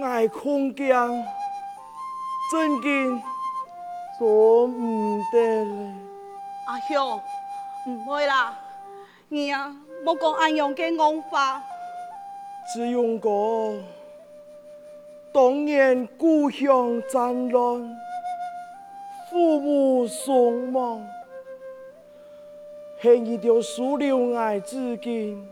愛空間，真金做唔得咧。阿雄，唔會啦，你呀莫講安樣嘅戇法，志永哥，當年故鄉戰亂，父母雙亡，幸而就收留愛至今。